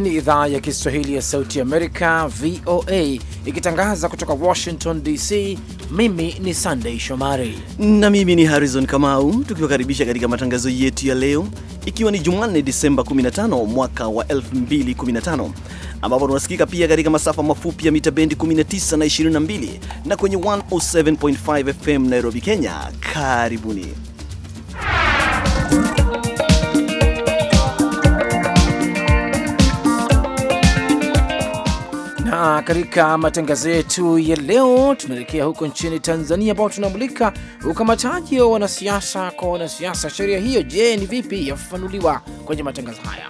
Hii ni idhaa ya Kiswahili ya Sauti Amerika, VOA, ikitangaza kutoka Washington DC. Mimi ni Sandei Shomari na mimi ni Harrison Kamau, tukiwakaribisha katika matangazo yetu ya leo, ikiwa ni Jumanne Disemba 15 mwaka wa 2015, ambapo tunasikika pia katika masafa mafupi ya mita bendi 19 na 22 na kwenye 107.5 FM Nairobi, Kenya. Karibuni. katika matangazo yetu ya leo tunaelekea huko nchini Tanzania, ambao tunamulika ukamataji wa wanasiasa kwa wanasiasa. Sheria hiyo je, ni vipi? Yafafanuliwa kwenye matangazo haya.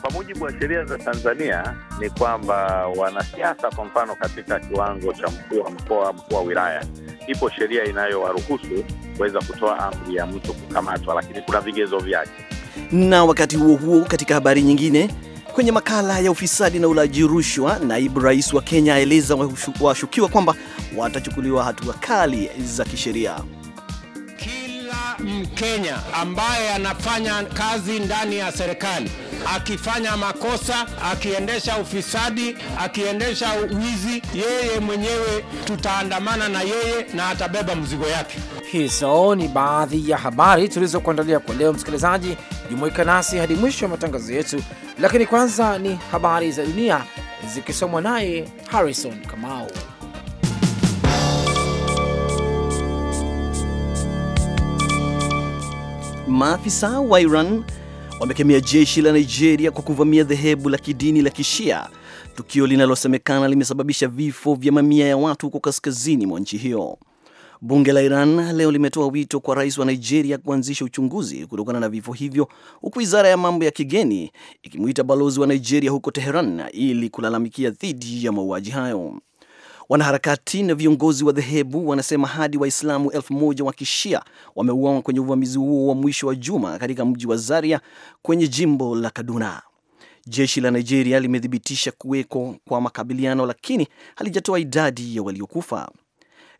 Kwa mujibu wa sheria za Tanzania ni kwamba wanasiasa, kwa mfano, katika kiwango cha mkuu wa mkoa, mkuu wa wilaya, ipo sheria inayowaruhusu kuweza kutoa amri ya mtu kukamatwa, lakini kuna vigezo vyake. Na wakati huo huo, katika habari nyingine Kwenye makala ya ufisadi na ulaji rushwa, naibu rais wa Kenya aeleza washukiwa kwamba watachukuliwa hatua kali za kisheria. Kila Mkenya ambaye anafanya kazi ndani ya serikali akifanya makosa, akiendesha ufisadi, akiendesha wizi, yeye mwenyewe tutaandamana na yeye na atabeba mzigo yake. Hizo ni baadhi ya habari tulizokuandalia kwa leo. Msikilizaji, jumuika nasi hadi mwisho wa matangazo yetu lakini kwanza ni habari za dunia zikisomwa naye Harrison Kamau. Maafisa wa Iran wamekemea jeshi la Nigeria kwa kuvamia dhehebu la kidini la Kishia, tukio linalosemekana limesababisha vifo vya mamia ya watu huko kaskazini mwa nchi hiyo. Bunge la Iran leo limetoa wito kwa rais wa Nigeria kuanzisha uchunguzi kutokana na vifo hivyo, huku wizara ya mambo ya kigeni ikimwita balozi wa Nigeria huko Teheran ili kulalamikia dhidi ya mauaji hayo. Wanaharakati na viongozi wa dhehebu wanasema hadi Waislamu elfu moja wa Kishia wameuawa kwenye uvamizi huo wa mwisho wa juma katika mji wa Zaria kwenye jimbo la Kaduna. Jeshi la Nigeria limethibitisha kuweko kwa makabiliano, lakini halijatoa idadi ya waliokufa.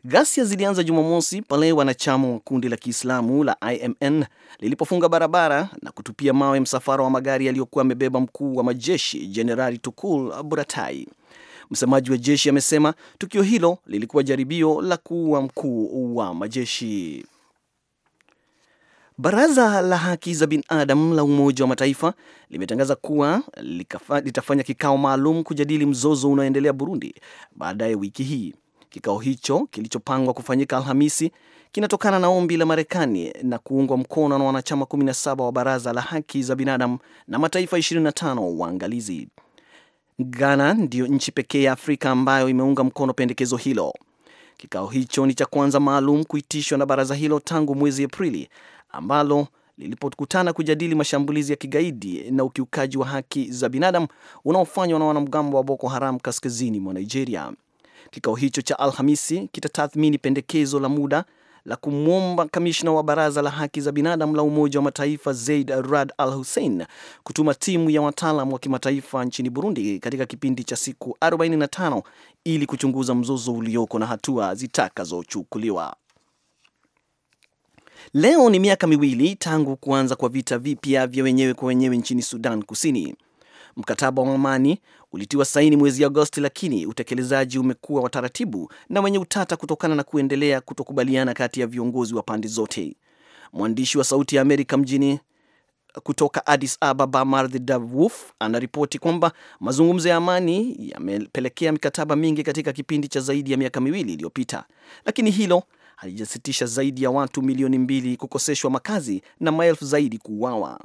Ghasia zilianza Jumamosi pale wanachama wa kundi la Kiislamu la IMN lilipofunga barabara na kutupia mawe msafara wa magari yaliyokuwa amebeba mkuu wa majeshi Jenerali Tukul Buratai. Msemaji wa jeshi amesema tukio hilo lilikuwa jaribio la kuua mkuu wa majeshi. Baraza la haki za binadamu la Umoja wa Mataifa limetangaza kuwa litafanya kikao maalum kujadili mzozo unaoendelea Burundi baadaye wiki hii. Kikao hicho kilichopangwa kufanyika Alhamisi kinatokana na ombi la Marekani na kuungwa mkono na wanachama 17 wa Baraza la Haki za Binadamu na mataifa 25 waangalizi. Ghana ndiyo nchi pekee ya Afrika ambayo imeunga mkono pendekezo hilo. Kikao hicho ni cha kwanza maalum kuitishwa na baraza hilo tangu mwezi Aprili ambalo lilipokutana kujadili mashambulizi ya kigaidi na ukiukaji wa haki za binadamu unaofanywa na wanamgambo wa Boko Haram kaskazini mwa Nigeria. Kikao hicho cha Alhamisi kitatathmini pendekezo la muda la kumwomba kamishna wa baraza la haki za binadamu la Umoja wa Mataifa Zaid Rad Al Hussein kutuma timu ya wataalam wa kimataifa nchini Burundi katika kipindi cha siku 45 ili kuchunguza mzozo ulioko na hatua zitakazochukuliwa. Leo ni miaka miwili tangu kuanza kwa vita vipya vya wenyewe kwa wenyewe nchini Sudan Kusini. Mkataba wa amani ulitiwa saini mwezi Agosti, lakini utekelezaji umekuwa wa taratibu na wenye utata kutokana na kuendelea kutokubaliana kati ya viongozi wa pande zote. Mwandishi wa Sauti ya Amerika mjini kutoka Addis Ababa, Marthi Davuf anaripoti kwamba mazungumzo ya amani yamepelekea mikataba mingi katika kipindi cha zaidi ya miaka miwili iliyopita, lakini hilo halijasitisha zaidi ya watu milioni mbili kukoseshwa makazi na maelfu zaidi kuuawa.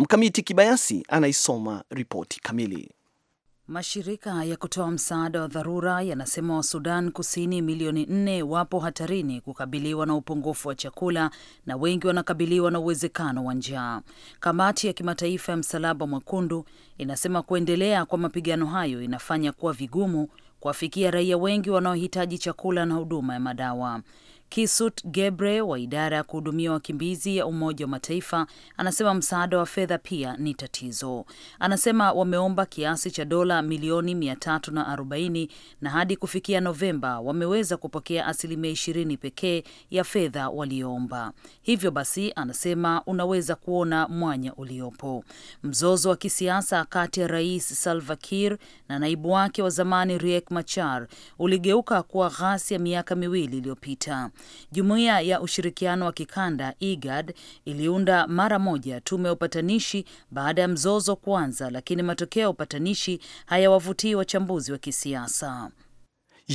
Mkamiti Kibayasi anaisoma ripoti kamili. Mashirika ya kutoa msaada wa dharura yanasema wa Sudan Kusini milioni nne wapo hatarini kukabiliwa na upungufu wa chakula na wengi wanakabiliwa na uwezekano wa njaa. Kamati ya Kimataifa ya Msalaba Mwekundu inasema kuendelea kwa mapigano hayo inafanya kuwa vigumu kuwafikia raia wengi wanaohitaji chakula na huduma ya madawa. Kisut Gebre wa idara ya kuhudumia wakimbizi ya Umoja wa Mataifa anasema msaada wa fedha pia ni tatizo. Anasema wameomba kiasi cha dola milioni 340 na na hadi kufikia Novemba wameweza kupokea asilimia 20 pekee ya fedha walioomba. Hivyo basi, anasema unaweza kuona mwanya uliopo. Mzozo wa kisiasa kati ya Rais Salva Kiir na naibu wake wa zamani Riek Machar uligeuka kuwa ghasia miaka miwili iliyopita. Jumuiya ya ushirikiano wa kikanda IGAD iliunda mara moja tume ya upatanishi baada ya mzozo kuanza, lakini matokeo ya upatanishi hayawavutii wachambuzi wa kisiasa.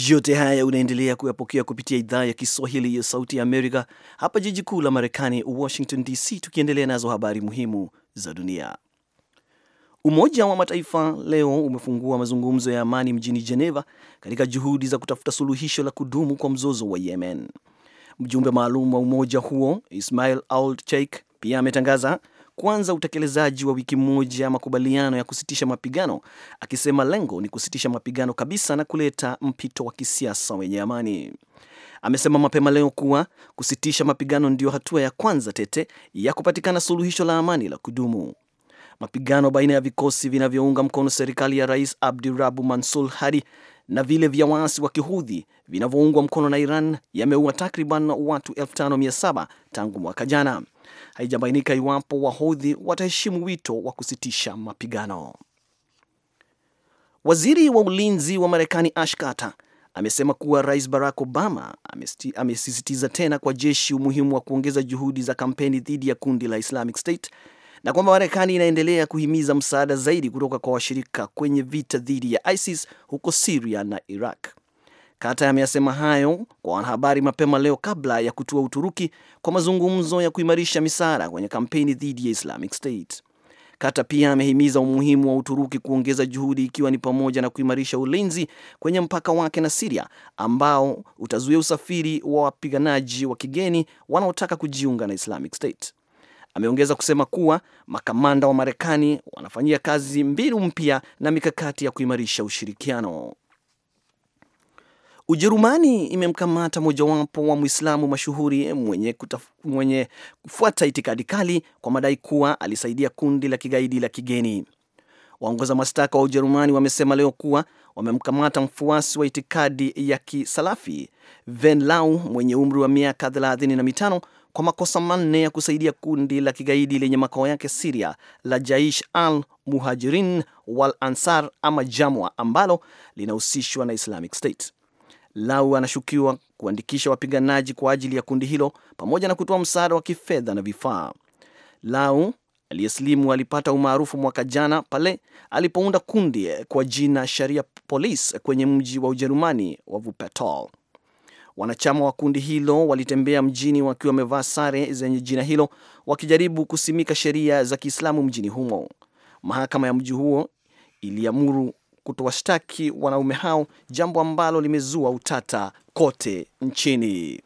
Yote haya unaendelea kuyapokea kupitia idhaa ya Kiswahili ya Sauti ya Amerika hapa jiji kuu la Marekani, Washington DC, tukiendelea nazo habari muhimu za dunia. Umoja wa Mataifa leo umefungua mazungumzo ya amani mjini Geneva katika juhudi za kutafuta suluhisho la kudumu kwa mzozo wa Yemen. Mjumbe maalum wa umoja huo Ismail Ould Cheikh pia ametangaza kuanza utekelezaji wa wiki moja ya makubaliano ya kusitisha mapigano, akisema lengo ni kusitisha mapigano kabisa na kuleta mpito wa kisiasa wenye amani. Amesema mapema leo kuwa kusitisha mapigano ndiyo hatua ya kwanza tete ya kupatikana suluhisho la amani la kudumu. Mapigano baina ya vikosi vinavyounga mkono serikali ya Rais Abdurabu Mansur Hadi na vile vya waasi wa kihudhi vinavyoungwa mkono na Iran yameua takriban watu 5700 tangu mwaka jana. Haijabainika iwapo wahodhi wataheshimu wito wa kusitisha mapigano. Waziri wa ulinzi wa Marekani Ash Carter amesema kuwa Rais Barack Obama amesisitiza tena kwa jeshi umuhimu wa kuongeza juhudi za kampeni dhidi ya kundi la Islamic State na kwamba Marekani inaendelea kuhimiza msaada zaidi kutoka kwa washirika kwenye vita dhidi ya ISIS huko Siria na Iraq. Kata ameyasema hayo kwa wanahabari mapema leo kabla ya kutua Uturuki kwa mazungumzo ya kuimarisha misaada kwenye kampeni dhidi ya Islamic State. Kata pia amehimiza umuhimu wa Uturuki kuongeza juhudi ikiwa ni pamoja na kuimarisha ulinzi kwenye mpaka wake na Siria ambao utazuia usafiri wa wapiganaji wa kigeni wanaotaka kujiunga na Islamic State. Ameongeza kusema kuwa makamanda wa Marekani wanafanyia kazi mbinu mpya na mikakati ya kuimarisha ushirikiano. Ujerumani imemkamata mojawapo wa Mwislamu mashuhuri mwenye, kutaf, mwenye kufuata itikadi kali kwa madai kuwa alisaidia kundi la kigaidi la kigeni. Waongoza mashtaka wa Ujerumani wamesema leo kuwa wamemkamata mfuasi wa itikadi ya kisalafi Venlau mwenye umri wa miaka 35 kwa makosa manne ya kusaidia kundi la kigaidi lenye makao yake Siria la Jaish al Muhajirin wal Ansar ama Jamwa ambalo linahusishwa na Islamic State. Lau anashukiwa kuandikisha wapiganaji kwa ajili ya kundi hilo pamoja na kutoa msaada wa kifedha na vifaa. Lau aliyeslimu alipata umaarufu mwaka jana pale alipounda kundi kwa jina Sharia Police kwenye mji wa Ujerumani wa Wuppertal. Wanachama wa kundi hilo walitembea mjini wakiwa wamevaa sare zenye jina hilo wakijaribu kusimika sheria za Kiislamu mjini humo. Mahakama ya mji huo iliamuru kutowashtaki wanaume hao, jambo ambalo limezua utata kote nchini.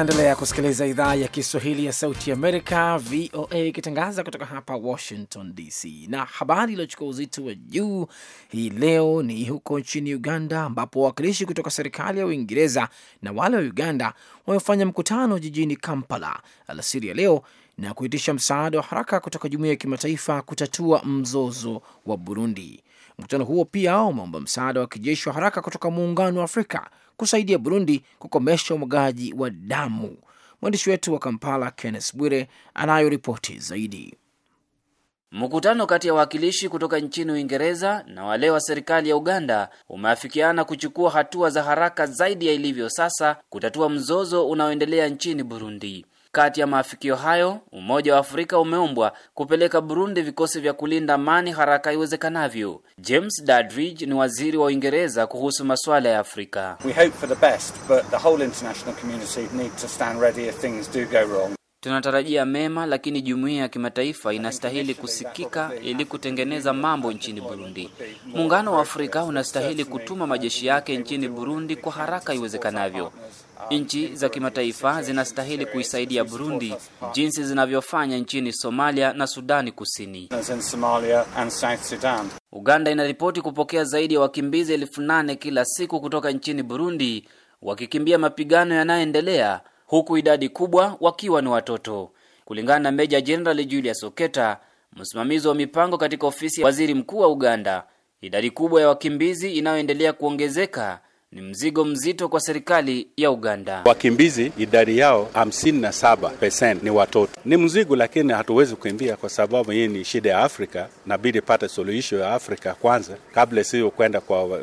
Unaendelea kusikiliza idhaa ya Kiswahili ya Sauti Amerika, VOA, ikitangaza kutoka hapa Washington DC. Na habari iliyochukua uzito wa juu hii leo ni huko nchini Uganda, ambapo wawakilishi kutoka serikali ya Uingereza na wale wa Uganda wamefanya mkutano jijini Kampala alasiri ya leo na kuitisha msaada wa haraka kutoka jumuiya ya kimataifa kutatua mzozo wa Burundi. Mkutano huo pia umeomba msaada wa kijeshi wa haraka kutoka Muungano wa Afrika kusaidia Burundi kukomesha umwagaji wa damu. Mwandishi wetu wa Kampala, Kenneth Bwire, anayo ripoti zaidi. Mkutano kati ya wawakilishi kutoka nchini Uingereza na wale wa serikali ya Uganda umeafikiana kuchukua hatua za haraka zaidi ya ilivyo sasa kutatua mzozo unaoendelea nchini Burundi. Kati ya maafikio hayo, Umoja wa Afrika umeombwa kupeleka Burundi vikosi vya kulinda amani haraka iwezekanavyo. James Dadridge ni waziri wa Uingereza kuhusu masuala ya Afrika. Tunatarajia mema lakini jumuiya ya kimataifa inastahili kusikika ili kutengeneza mambo nchini Burundi. Muungano wa Afrika unastahili kutuma majeshi yake nchini Burundi kwa haraka iwezekanavyo. Nchi za kimataifa zinastahili kuisaidia Burundi jinsi zinavyofanya nchini Somalia na Sudani Kusini. Uganda inaripoti kupokea zaidi ya wakimbizi elfu nane kila siku kutoka nchini Burundi wakikimbia mapigano yanayoendelea, huku idadi kubwa wakiwa ni watoto, kulingana na Meja Jenerali Julius Oketa, msimamizi wa mipango katika ofisi ya waziri mkuu wa Uganda. Idadi kubwa ya wakimbizi inayoendelea kuongezeka ni mzigo mzito kwa serikali ya Uganda. Wakimbizi idadi yao 57% ni watoto. Ni mzigo, lakini hatuwezi kukimbia kwa sababu hii ni shida ya Afrika. Nabidi pate suluhisho ya Afrika kwanza, kabla sio kwenda kwa uh,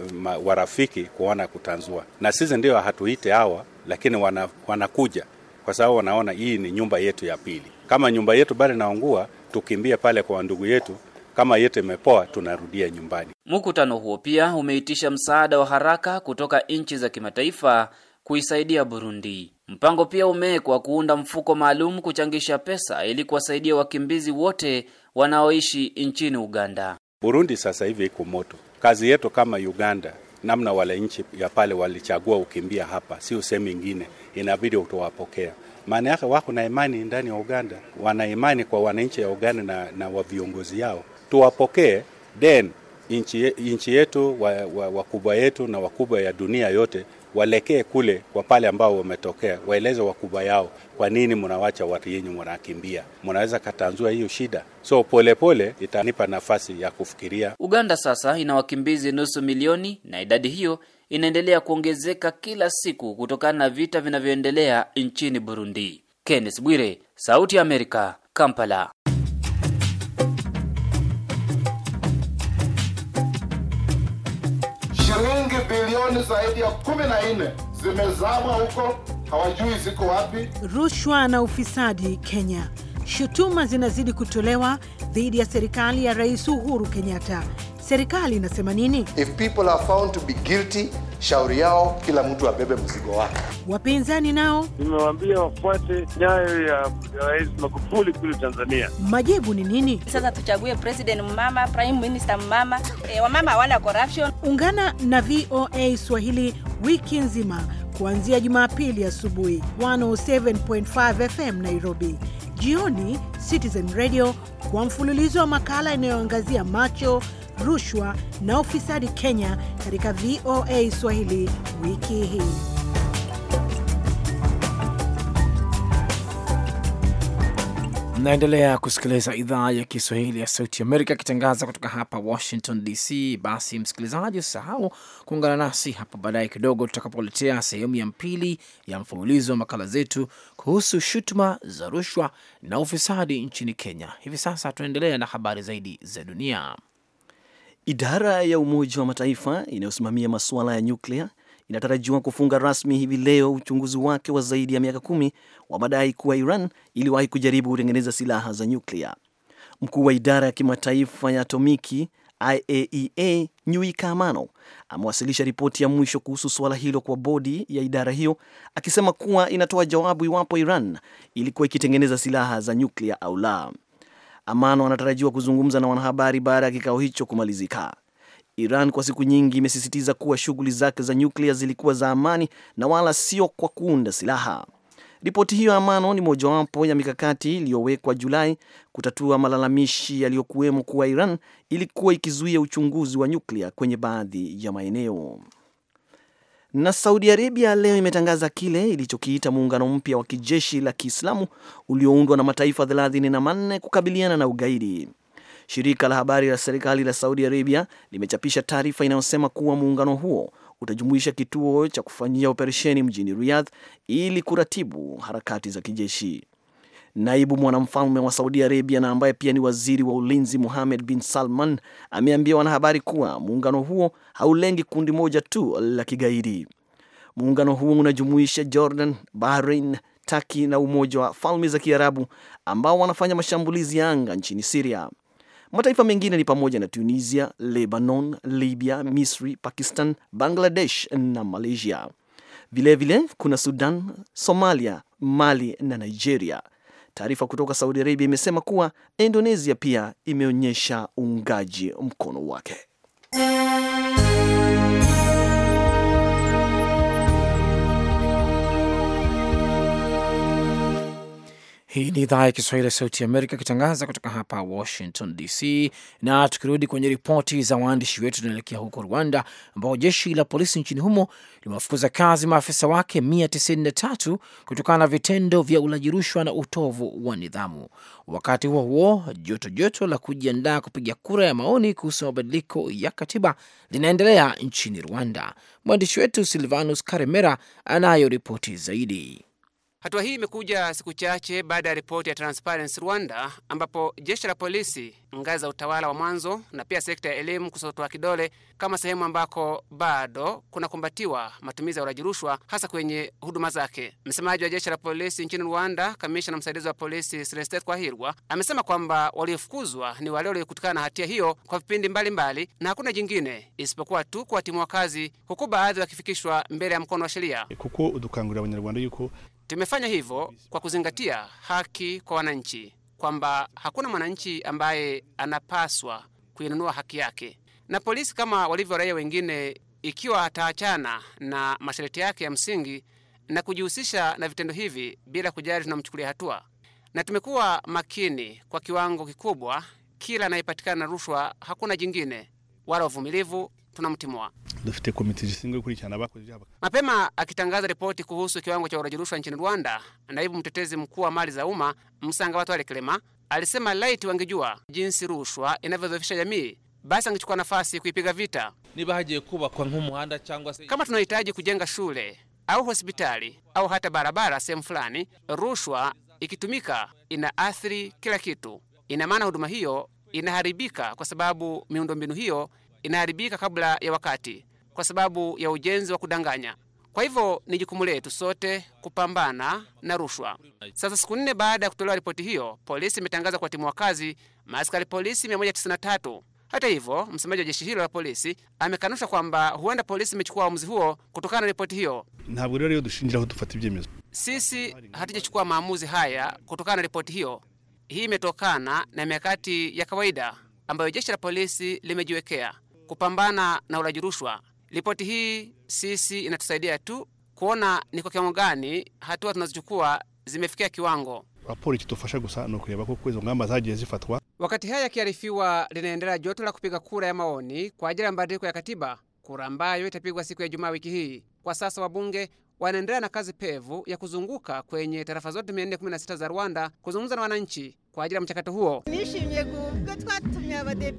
warafiki kuona kutanzua, na sisi ndio hatuite hawa, lakini wana, wanakuja kwa sababu wanaona hii ni nyumba yetu ya pili. Kama nyumba yetu bado inaungua, tukimbia pale kwa ndugu yetu kama yote imepoa tunarudia nyumbani. Mkutano huo pia umeitisha msaada wa haraka kutoka nchi za kimataifa kuisaidia Burundi. Mpango pia umewekwa kuunda mfuko maalum kuchangisha pesa ili kuwasaidia wakimbizi wote wanaoishi nchini Uganda. Burundi sasa hivi iko moto. Kazi yetu kama Uganda, namna wale nchi ya pale walichagua ukimbia hapa, si usemi ingine, inabidi utowapokea. Maana yake wako na imani ndani ya Uganda, wana imani kwa wananchi ya Uganda na, na wa viongozi yao tuwapokee, then nchi, nchi yetu wakubwa wa, wa yetu na wakubwa ya dunia yote walekee kule kwa pale ambao wametokea, waeleze wakubwa yao kwa nini mnawacha watu yenyu mnakimbia, mnaweza katanzua hiyo shida. So polepole pole, itanipa nafasi ya kufikiria. Uganda sasa ina wakimbizi nusu milioni na idadi hiyo inaendelea kuongezeka kila siku kutokana na vita vinavyoendelea nchini Burundi. Kenneth Bwire, Sauti ya Amerika, Kampala. milioni zaidi ya kumi na nne zimezama huko, hawajui ziko wapi. Rushwa na ufisadi Kenya. Shutuma zinazidi kutolewa dhidi ya serikali ya Rais Uhuru Kenyatta serikali inasema nini? If people are found to be guilty, shauri yao kila mtu abebe mzigo wake. Wapinzani nao nimewaambia wafuate nyayo ya Rais Magufuli kule Tanzania. Majibu ni nini? Sasa tuchague president mmama, prime minister mmama. E, eh, wamama hawana corruption. Ungana na VOA Swahili wiki nzima kuanzia Jumapili asubuhi 107.5 FM Nairobi, jioni Citizen Radio kwa mfululizo wa makala inayoangazia macho rushwa na ufisadi Kenya katika VOA Swahili wiki hii. Mnaendelea kusikiliza idhaa ya Kiswahili ya Sauti Amerika ikitangaza kutoka hapa Washington DC. Basi msikilizaji, usisahau kuungana nasi hapo baadaye kidogo, tutakapoletea sehemu ya pili ya mfululizo wa makala zetu kuhusu shutuma za rushwa na ufisadi nchini Kenya. Hivi sasa tunaendelea na habari zaidi za dunia. Idara ya Umoja wa Mataifa inayosimamia masuala ya nyuklia inatarajiwa kufunga rasmi hivi leo uchunguzi wake wa zaidi ya miaka kumi wa madai kuwa Iran iliwahi kujaribu kutengeneza silaha za nyuklia. Mkuu wa idara ya kimataifa ya atomiki IAEA e Nyui Kamano amewasilisha ripoti ya mwisho kuhusu suala hilo kwa bodi ya idara hiyo, akisema kuwa inatoa jawabu iwapo Iran ilikuwa ikitengeneza silaha za nyuklia au la. Amano anatarajiwa kuzungumza na wanahabari baada ya kikao hicho kumalizika. Iran kwa siku nyingi imesisitiza kuwa shughuli zake za nyuklia zilikuwa za amani na wala sio kwa kuunda silaha. Ripoti hiyo Amano ni mojawapo ya mikakati iliyowekwa Julai kutatua malalamishi yaliyokuwemo kuwa Iran ilikuwa ikizuia uchunguzi wa nyuklia kwenye baadhi ya maeneo. Na Saudi Arabia leo imetangaza kile ilichokiita muungano mpya wa kijeshi la Kiislamu ulioundwa na mataifa 34 manne kukabiliana na ugaidi. Shirika la habari la serikali la Saudi Arabia limechapisha taarifa inayosema kuwa muungano huo utajumuisha kituo cha kufanyia operesheni mjini Riyadh ili kuratibu harakati za kijeshi. Naibu mwanamfalme wa Saudi Arabia na ambaye pia ni waziri wa ulinzi muhamed bin Salman ameambia wanahabari kuwa muungano huo haulengi kundi moja tu la kigaidi. Muungano huo unajumuisha Jordan, Bahrain, taki na Umoja wa Falme za Kiarabu ambao wanafanya mashambulizi ya anga nchini Siria. Mataifa mengine ni pamoja na Tunisia, Lebanon, Libya, Misri, Pakistan, Bangladesh na Malaysia. Vilevile vile, kuna Sudan, Somalia, Mali na Nigeria Taarifa kutoka Saudi Arabia imesema kuwa Indonesia pia imeonyesha uungaji mkono wake. Hii ni idhaa ya Kiswahili ya Sauti ya Amerika ikitangaza kutoka hapa Washington DC. Na tukirudi kwenye ripoti za waandishi wetu, tunaelekea huko Rwanda ambao jeshi la polisi nchini humo limewafukuza kazi maafisa wake 193 kutokana na vitendo vya ulaji rushwa na utovu wa nidhamu. Wakati huo huo, joto joto la kujiandaa kupiga kura ya maoni kuhusu mabadiliko ya katiba linaendelea nchini Rwanda. Mwandishi wetu Silvanus Karemera anayo ripoti zaidi. Hatua hii imekuja siku chache baada ya ripoti ya Transparency Rwanda ambapo jeshi la polisi, ngazi za utawala wa mwanzo na pia sekta ya elimu kusotoa kidole kama sehemu ambako bado kunakumbatiwa matumizi ya ulaji rushwa hasa kwenye huduma zake. Msemaji wa jeshi la polisi nchini Rwanda, kamishna msaidizi wa polisi Celestin Twahirwa amesema kwamba waliofukuzwa ni wale waliokutikana na hatia hiyo kwa vipindi mbalimbali na hakuna jingine isipokuwa tu kuwatimua kazi, huku baadhi wakifikishwa mbele ya mkono wa sheria. Tumefanya hivyo kwa kuzingatia haki kwa wananchi, kwamba hakuna mwananchi ambaye anapaswa kuinunua haki yake, na polisi kama walivyo raia wengine, ikiwa ataachana na masharti yake ya msingi na kujihusisha na vitendo hivi bila kujali tunamchukulia hatua. Na tumekuwa makini kwa kiwango kikubwa, kila anayepatikana na rushwa, hakuna jingine wala uvumilivu, tunamtimua dufite komite zishinzwe gukurikirana abakoze ibyaha. Mapema akitangaza ripoti kuhusu kiwango cha uraji rushwa nchini Rwanda, naibu mtetezi mkuu wa mali za umma Msanga Batwale Kilema alisema laiti wangejua jinsi rushwa inavyodhoofisha jamii basi angechukua nafasi kuipiga vita. Niba kuba kwa nk'umuhanda cyangwa se kama tunahitaji kujenga shule au hospitali au hata barabara sehemu fulani, rushwa ikitumika ina athiri kila kitu. Ina maana huduma hiyo inaharibika kwa sababu miundombinu hiyo inaharibika kabla ya wakati kwa sababu ya ujenzi wa kudanganya. Kwa hivyo ni jukumu letu sote kupambana na rushwa. Sasa siku nne baada ya kutolewa ripoti hiyo, polisi imetangaza kuwatimua kazi maaskari polisi 193. Hata hivyo, msemaji wa jeshi hilo la polisi amekanusha kwamba huenda polisi imechukua uamuzi huo kutokana na ripoti hiyo. Sisi hatujachukua maamuzi haya kutokana na ripoti hiyo. Hii imetokana na mikakati ya kawaida ambayo jeshi la polisi limejiwekea kupambana na ulaji rushwa. Ripoti hii sisi inatusaidia tu kuona ni kwa kiwango gani hatua tunazochukua zimefikia kiwango. Wakati haya yakiarifiwa, linaendelea joto la kupiga kura ya maoni kwa ajili ya mabadiliko ya katiba, kura ambayo itapigwa siku ya jumaa wiki hii. Kwa sasa wabunge wanaendelea na kazi pevu ya kuzunguka kwenye tarafa zote 416 za Rwanda kuzungumza na wananchi kwa ajili ya mchakato huo.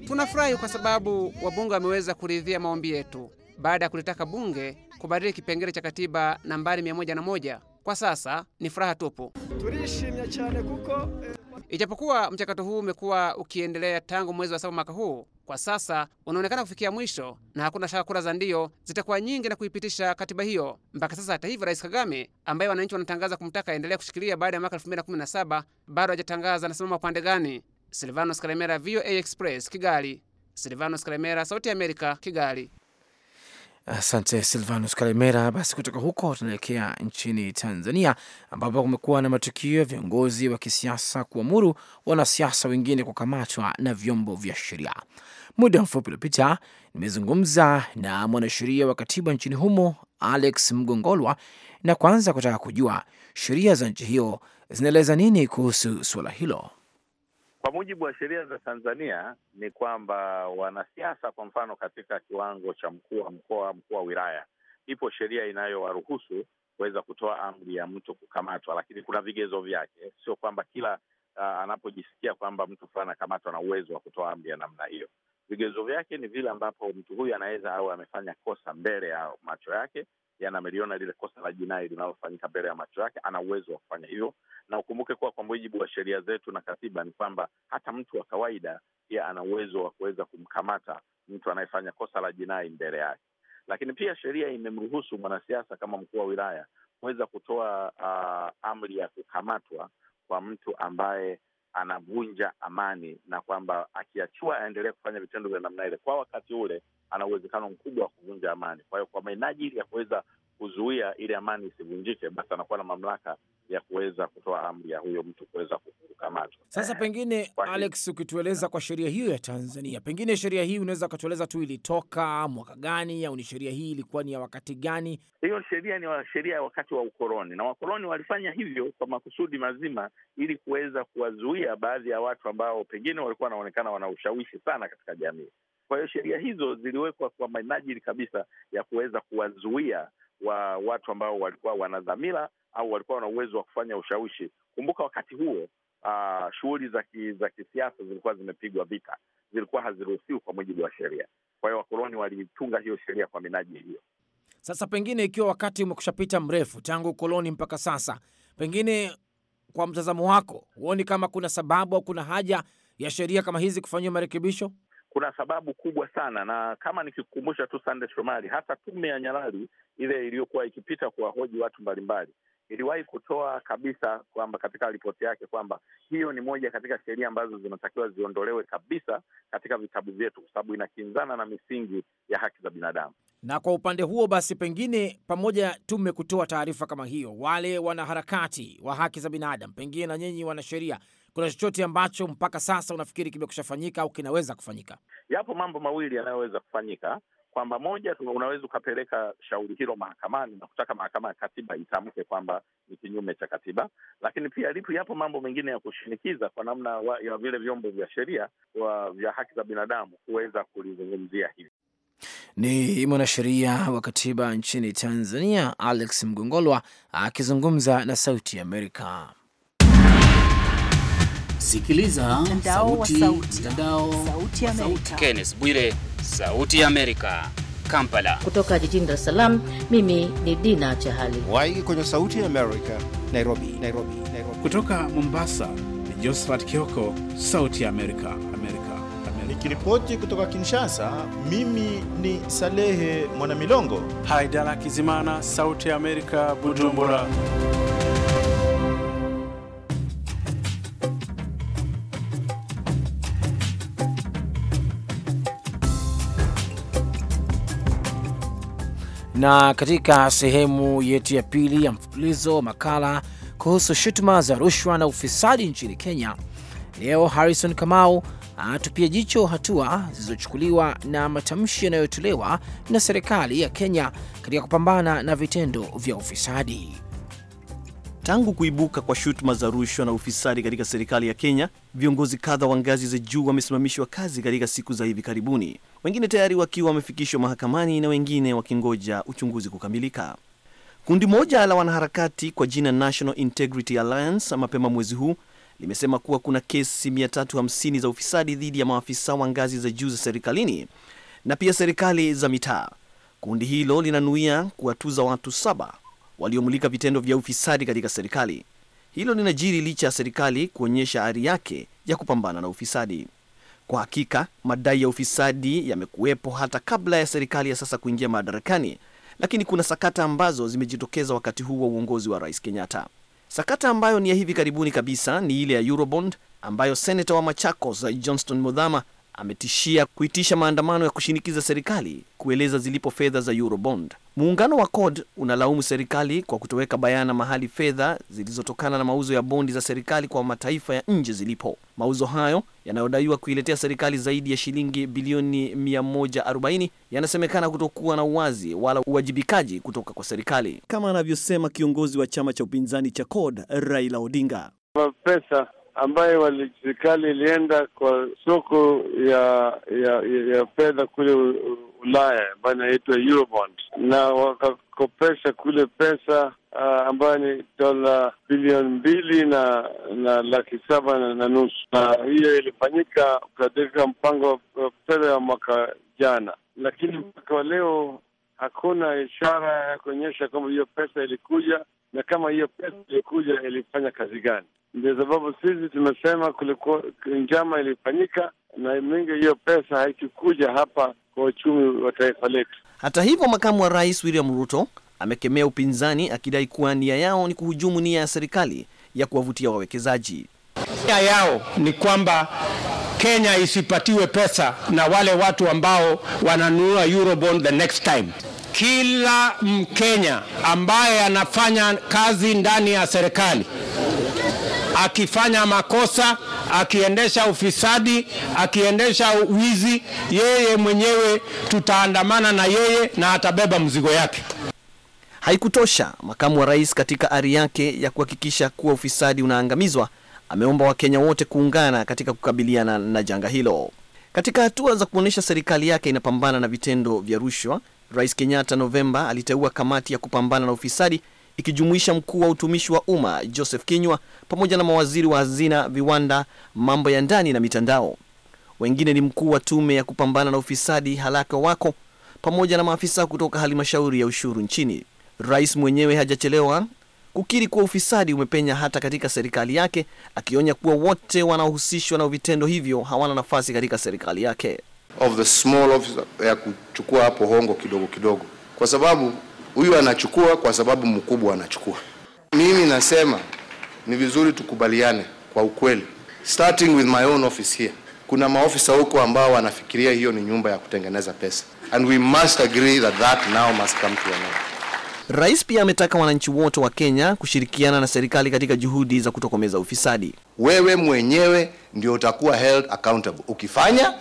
Tunafurahi kwa sababu wabunge wameweza kuridhia maombi yetu baada ya kulitaka bunge kubadili kipengele cha katiba nambari 101. Kwa sasa ni furaha tupu, turishimye cyane kuko eh, Ijapokuwa mchakato huu umekuwa ukiendelea tangu mwezi wa saba mwaka huu, kwa sasa unaonekana kufikia mwisho, na hakuna shaka kura za ndiyo zitakuwa nyingi na kuipitisha katiba hiyo mpaka sasa. Hata hivyo, Rais Kagame ambaye wananchi wanatangaza kumtaka aendelea kushikilia baada ya mwaka 2017 bado hajatangaza anasimama upande gani. Silvanos Kalemera, VOA Express, Kigali. Silvanos Kalemera, Sauti ya Amerika, Kigali. Asante Silvanus Kalemera. Basi kutoka huko tunaelekea nchini Tanzania, ambapo kumekuwa na matukio ya viongozi wa kisiasa kuamuru wanasiasa wengine kukamatwa na vyombo vya sheria. Muda mfupi uliopita, nimezungumza na mwanasheria wa katiba nchini humo Alex Mgongolwa, na kwanza kutaka kujua sheria za nchi hiyo zinaeleza nini kuhusu suala hilo. Kwa mujibu wa sheria za Tanzania ni kwamba wanasiasa, kwa mfano, katika kiwango cha mkuu wa mkoa, mkuu wa wilaya, ipo sheria inayowaruhusu kuweza kutoa amri ya mtu kukamatwa, lakini kuna vigezo vyake. Sio kwamba kila uh, anapojisikia kwamba mtu fulani akamatwa na uwezo wa kutoa amri ya namna hiyo. Vigezo vyake ni vile ambapo mtu huyu anaweza au amefanya kosa mbele ya macho yake yana ameliona lile kosa la jinai linalofanyika mbele ya macho yake, ana uwezo wa kufanya hivyo. Na ukumbuke kuwa kwa mujibu wa sheria zetu na katiba ni kwamba hata mtu wa kawaida pia ana uwezo wa kuweza kumkamata mtu anayefanya kosa la jinai mbele yake, lakini pia sheria imemruhusu mwanasiasa kama mkuu wa wilaya kuweza kutoa uh, amri ya kukamatwa kwa mtu ambaye anavunja amani, na kwamba akiachiwa aendelee kufanya vitendo vya namna ile kwa wakati ule ana uwezekano mkubwa wa kuvunja amani. Kwa hiyo kwa minajili ya kuweza kuzuia ile amani isivunjike, basi anakuwa na mamlaka ya kuweza kutoa amri ya huyo mtu kuweza kukamatwa. Sasa pengine kwa Alex, ukitueleza kwa sheria hiyo ya Tanzania, pengine sheria hii unaweza ukatueleza tu ilitoka mwaka gani, au ni sheria hii ilikuwa ni ya wakati gani? Hiyo sheria ni sheria ya wakati wa ukoloni, na wakoloni walifanya hivyo kwa makusudi mazima, ili kuweza kuwazuia baadhi ya watu ambao pengine walikuwa wanaonekana wana ushawishi sana katika jamii. Kwa hiyo sheria hizo ziliwekwa kwa minajili kabisa ya kuweza kuwazuia wa watu ambao walikuwa wana dhamira au walikuwa wana uwezo wa kufanya ushawishi. Kumbuka wakati huo Uh, shughuli za kisiasa zilikuwa zimepigwa vita, zilikuwa haziruhusiwi kwa mujibu wa sheria. Kwa hiyo wakoloni walitunga hiyo sheria kwa minajili hiyo. Sasa pengine, ikiwa wakati umekushapita mrefu tangu ukoloni mpaka sasa, pengine kwa mtazamo wako, huoni kama kuna sababu au kuna haja ya sheria kama hizi kufanyiwa marekebisho? kuna sababu kubwa sana, na kama nikikukumbusha tu, Sande Shomari, hata tume ya Nyalali ile iliyokuwa ikipita kuwahoji watu mbalimbali iliwahi kutoa kabisa kwamba katika ripoti yake kwamba hiyo ni moja katika sheria ambazo zinatakiwa ziondolewe kabisa katika vitabu vyetu, kwa sababu inakinzana na misingi ya haki za binadamu. Na kwa upande huo basi, pengine pamoja tume kutoa taarifa kama hiyo, wale wanaharakati wa haki za binadamu, pengine na nyinyi wanasheria, kuna chochote ambacho mpaka sasa unafikiri kimekusha fanyika au kinaweza kufanyika? Yapo mambo mawili yanayoweza kufanyika kwamba moja, unaweza ukapeleka shauri hilo mahakamani na kutaka mahakama ya katiba itamke kwamba ni kinyume cha katiba, lakini pia lipo, yapo mambo mengine ya kushinikiza kwa namna wa, ya vile vyombo vya sheria vya haki za binadamu kuweza kulizungumzia hili. Ni mwanasheria wa katiba nchini Tanzania Alex Mgongolwa akizungumza na Sauti ya Amerika. Sikiliza mtandao wa sauti, mtandao sauti Amerika. Kenneth Bwire, sauti ya Amerika, Kampala. Kutoka jijini Dar es Salaam, mimi ni Dina Chahali Waiki kwenye sauti ya Amerika, Nairobi, Nairobi, Nairobi. Kutoka Mombasa ni Josephat Kioko, sauti ya Amerika, Amerika. Nikiripoti kutoka Kinshasa, mimi ni Salehe Mwanamilongo. Haidara Kizimana, sauti ya Amerika, Bujumbura. Bujumbura. Na katika sehemu yetu ya pili ya mfululizo makala kuhusu shutuma za rushwa na ufisadi nchini Kenya, leo Harrison Kamau anatupia jicho hatua zilizochukuliwa na matamshi yanayotolewa na serikali ya Kenya katika kupambana na vitendo vya ufisadi. Tangu kuibuka kwa shutuma za rushwa na ufisadi katika serikali ya Kenya, viongozi kadha wa ngazi za juu wamesimamishwa kazi katika siku za hivi karibuni wengine tayari wakiwa wamefikishwa mahakamani na wengine wakingoja uchunguzi kukamilika. Kundi moja la wanaharakati kwa jina National Integrity Alliance mapema mwezi huu limesema kuwa kuna kesi 350 za ufisadi dhidi ya maafisa wa ngazi za juu za serikalini na pia serikali za mitaa. Kundi hilo linanuia kuwatuza watu saba waliomulika vitendo vya ufisadi katika serikali. Hilo linajiri licha ya serikali kuonyesha ari yake ya kupambana na ufisadi. Kwa hakika madai ya ufisadi yamekuwepo hata kabla ya serikali ya sasa kuingia madarakani, lakini kuna sakata ambazo zimejitokeza wakati huu wa uongozi wa Rais Kenyatta. Sakata ambayo ni ya hivi karibuni kabisa ni ile ya Eurobond ambayo seneta wa Machakos Johnston Mudhama ametishia kuitisha maandamano ya kushinikiza serikali kueleza zilipo fedha za Eurobond. Muungano wa CORD unalaumu serikali kwa kutoweka bayana mahali fedha zilizotokana na mauzo ya bondi za serikali kwa mataifa ya nje zilipo. Mauzo hayo yanayodaiwa kuiletea serikali zaidi ya shilingi bilioni 140 yanasemekana kutokuwa na uwazi wala uwajibikaji kutoka kwa serikali, kama anavyosema kiongozi wa chama cha upinzani cha CORD Raila Odinga. Pesa ambayo serikali ilienda kwa soko ya ya, ya, ya fedha kule Ulaya ambayo inaitwa Eurobond na wakakopesha kule pesa uh, ambayo ni dola bilioni mbili na na laki saba na, na nusu, na hiyo ilifanyika katika mpango wa fedha ya mwaka jana, lakini mpaka wa leo hakuna ishara ya kuonyesha kwamba hiyo pesa ilikuja na kama hiyo pesa ilikuja ilifanya kazi gani. Ndio sababu sisi tumesema kulikuwa njama ilifanyika na mingi, hiyo pesa haikikuja hapa kwa uchumi wa taifa letu. Hata hivyo, makamu wa rais William Ruto amekemea upinzani akidai kuwa nia yao ni kuhujumu nia ya serikali ya kuwavutia wawekezaji. Nia yao ni kwamba Kenya isipatiwe pesa na wale watu ambao wananunua eurobond the next time kila Mkenya ambaye anafanya kazi ndani ya serikali akifanya makosa, akiendesha ufisadi, akiendesha wizi, yeye mwenyewe tutaandamana na yeye na atabeba mzigo yake. Haikutosha, makamu wa rais katika ari yake ya kuhakikisha kuwa ufisadi unaangamizwa ameomba Wakenya wote kuungana katika kukabiliana na janga hilo. Katika hatua za kuonyesha serikali yake inapambana na vitendo vya rushwa, Rais Kenyatta Novemba aliteua kamati ya kupambana na ufisadi ikijumuisha mkuu wa utumishi wa umma Joseph kinywa pamoja na mawaziri wa hazina, viwanda, mambo ya ndani na mitandao. Wengine ni mkuu wa tume ya kupambana na ufisadi Halaka Wako pamoja na maafisa kutoka halmashauri ya ushuru nchini. Rais mwenyewe hajachelewa kukiri kuwa ufisadi umepenya hata katika serikali yake, akionya kuwa wote wanaohusishwa na vitendo hivyo hawana nafasi katika serikali yake of the small officer ya kuchukua hapo hongo kidogo kidogo, kwa sababu huyu anachukua kwa sababu mkubwa anachukua. Mimi nasema ni vizuri tukubaliane kwa ukweli, starting with my own office here. Kuna maofisa huko ambao wanafikiria hiyo ni nyumba ya kutengeneza pesa, and we must agree that that now must come to an end. Rais pia ametaka wananchi wote wa Kenya kushirikiana na serikali katika juhudi za kutokomeza ufisadi. Wewe mwenyewe ndio utakuwa held accountable ukifanya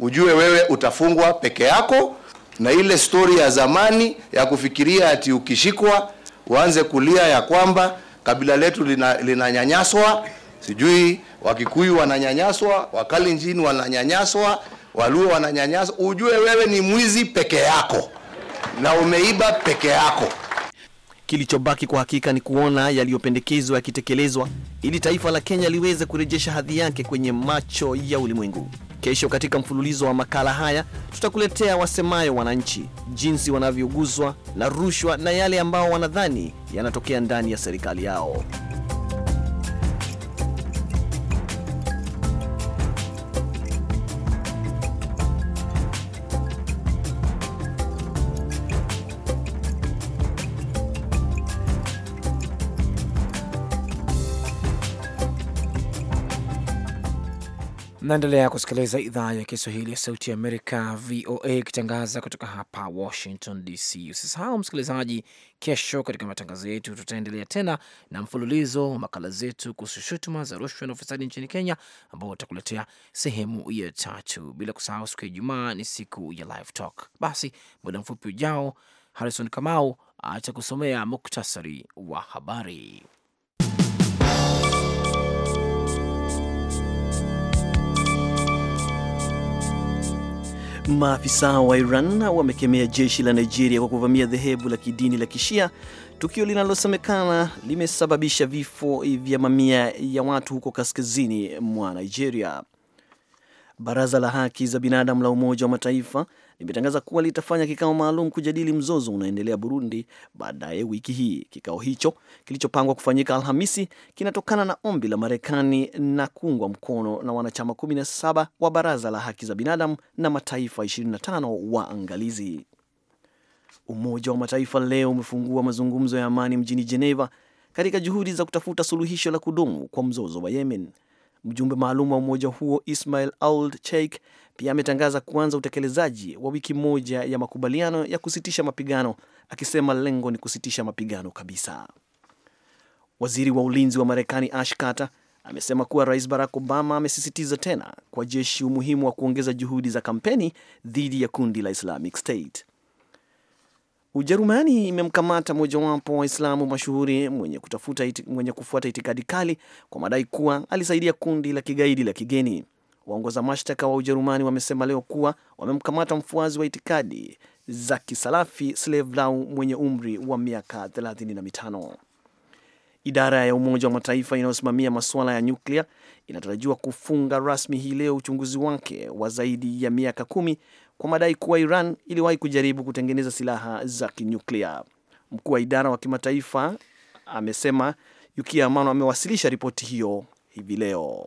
ujue wewe utafungwa peke yako, na ile stori ya zamani ya kufikiria ati ukishikwa uanze kulia ya kwamba kabila letu linanyanyaswa, lina sijui Wakikuyu wananyanyaswa, Wakalenjin wananyanyaswa, Waluo wananyanyaswa, ujue wewe ni mwizi peke yako na umeiba peke yako. Kilichobaki kwa hakika ni kuona yaliyopendekezwa yakitekelezwa ili taifa la Kenya liweze kurejesha hadhi yake kwenye macho ya ulimwengu. Kesho katika mfululizo wa makala haya tutakuletea wasemayo wananchi, jinsi wanavyoguzwa na rushwa na yale ambao wanadhani yanatokea ndani ya serikali yao. Naendelea kusikiliza idhaa ya Kiswahili ya Sauti ya Amerika, VOA, ikitangaza kutoka hapa Washington DC. Usisahau msikilizaji, kesho katika matangazo yetu tutaendelea tena na mfululizo wa makala zetu kuhusu shutuma za rushwa na ufisadi nchini Kenya, ambao utakuletea sehemu ya tatu, bila kusahau siku ya Ijumaa ni siku ya Live Talk. Basi muda mfupi ujao, Harrison Kamau atakusomea muktasari wa habari. Maafisa wa Iran wamekemea jeshi la Nigeria kwa kuvamia dhehebu la kidini la Kishia, tukio linalosemekana limesababisha vifo vya mamia ya watu huko kaskazini mwa Nigeria. Baraza la Haki za Binadamu la Umoja wa Mataifa limetangaza kuwa litafanya kikao maalum kujadili mzozo unaendelea Burundi baadaye wiki hii. Kikao hicho kilichopangwa kufanyika Alhamisi kinatokana na ombi la Marekani na kuungwa mkono na wanachama 17 wa Baraza la Haki za Binadamu na mataifa 25 waangalizi. Umoja wa Mataifa leo umefungua mazungumzo ya amani mjini Geneva katika juhudi za kutafuta suluhisho la kudumu kwa mzozo wa Yemen. Mjumbe maalum wa umoja huo Ismail Auld Cheikh pia ametangaza kuanza utekelezaji wa wiki moja ya makubaliano ya kusitisha mapigano, akisema lengo ni kusitisha mapigano kabisa. Waziri wa ulinzi wa Marekani Ash Carter amesema kuwa Rais Barack Obama amesisitiza tena kwa jeshi umuhimu wa kuongeza juhudi za kampeni dhidi ya kundi la Islamic State. Ujerumani imemkamata mojawapo wa Waislamu mashuhuri mwenye, kutafuta iti, mwenye kufuata itikadi kali kwa madai kuwa alisaidia kundi la kigaidi la kigeni. Waongoza mashtaka wa Ujerumani wamesema leo kuwa wamemkamata mfuazi wa itikadi za kisalafi Slevlau mwenye umri wa miaka 35. Idara ya Umoja wa Mataifa inayosimamia masuala ya nyuklia inatarajiwa kufunga rasmi hii leo uchunguzi wake wa zaidi ya miaka kumi kwa madai kuwa Iran iliwahi kujaribu kutengeneza silaha za kinyuklia. Mkuu wa idara wa kimataifa amesema Yukia Amano amewasilisha ripoti hiyo hivi leo.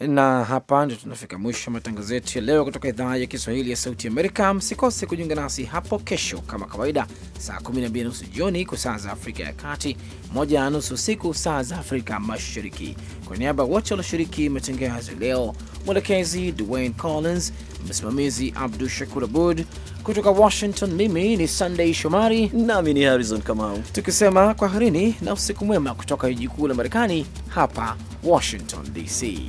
Na hapa ndio tunafika mwisho matangazo yetu ya leo kutoka idhaa ya Kiswahili ya Sauti Amerika. Msikose kujiunga nasi hapo kesho kama kawaida, saa 12 nusu jioni kwa saa za Afrika ya Kati, moja na nusu usiku saa za Afrika Mashariki. Kwa niaba ya wote walioshiriki matangazo leo, mwelekezi Dwayne Collins msimamizi Abdu Shakur Abud kutoka Washington. Mimi ni Sunday Shomari nami ni Harrison Kamau, tukisema kwaherini na usiku mwema kutoka jiji kuu la Marekani, hapa Washington DC.